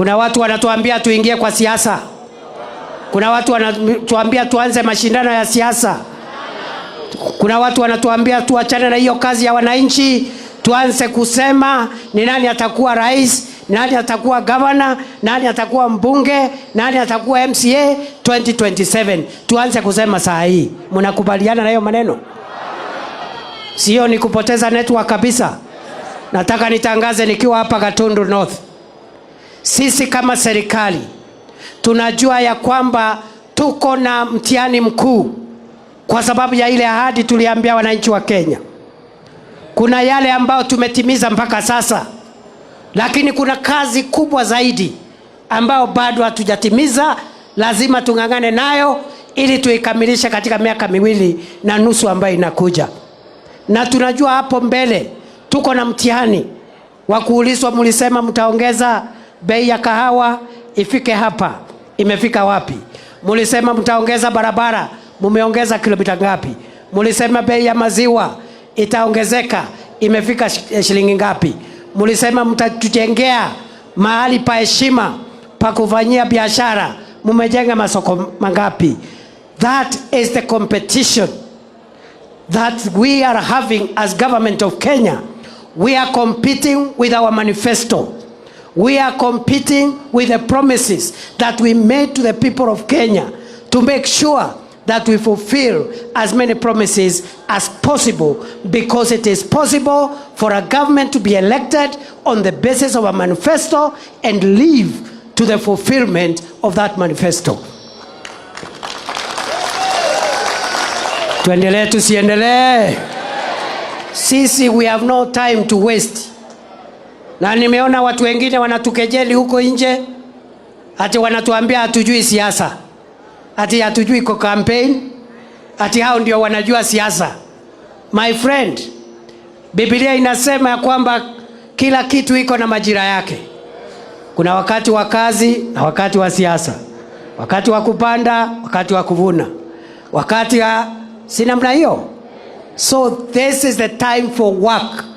Kuna watu wanatuambia tuingie kwa siasa, kuna watu wanatuambia tuanze mashindano ya siasa, kuna watu wanatuambia tuachane na hiyo kazi ya wananchi, tuanze kusema ni nani atakuwa rais, nani atakuwa gavana, nani atakuwa mbunge, nani atakuwa MCA 2027. Tuanze kusema saa hii. Mnakubaliana na hiyo maneno? Sio, ni kupoteza network kabisa. Nataka nitangaze nikiwa hapa Gatundu North sisi kama serikali tunajua ya kwamba tuko na mtihani mkuu kwa sababu ya ile ahadi tuliambia wananchi wa Kenya. Kuna yale ambayo tumetimiza mpaka sasa, lakini kuna kazi kubwa zaidi ambayo bado hatujatimiza. Lazima tung'ang'ane nayo ili tuikamilishe katika miaka miwili na nusu ambayo inakuja, na tunajua hapo mbele tuko na mtihani wa kuulizwa, mlisema mtaongeza bei ya kahawa ifike hapa, imefika wapi? Mulisema mtaongeza barabara, mumeongeza kilomita ngapi? Mulisema bei ya maziwa itaongezeka, imefika eh, shilingi ngapi? Mulisema mtatujengea mahali pa heshima pa kufanyia biashara, mumejenga masoko mangapi? That is the competition that we are having as government of Kenya. We are competing with our manifesto. We are competing with the promises that we made to the people of Kenya to make sure that we fulfill as many promises as possible because it is possible for a government to be elected on the basis of a manifesto and leave to the fulfillment of that manifesto. Tuendelee tusiendelee? Sisi, we have no time to waste na nimeona watu wengine wanatukejeli huko nje, ati wanatuambia hatujui siasa, ati hatujui ko campaign, ati hao ndio wanajua siasa. My friend, Biblia inasema ya kwamba kila kitu iko na majira yake. Kuna wakati wa kazi na wakati wa siasa, wakati wa kupanda, wakati wa kuvuna, wakati wa si namna hiyo. So this is the time for work.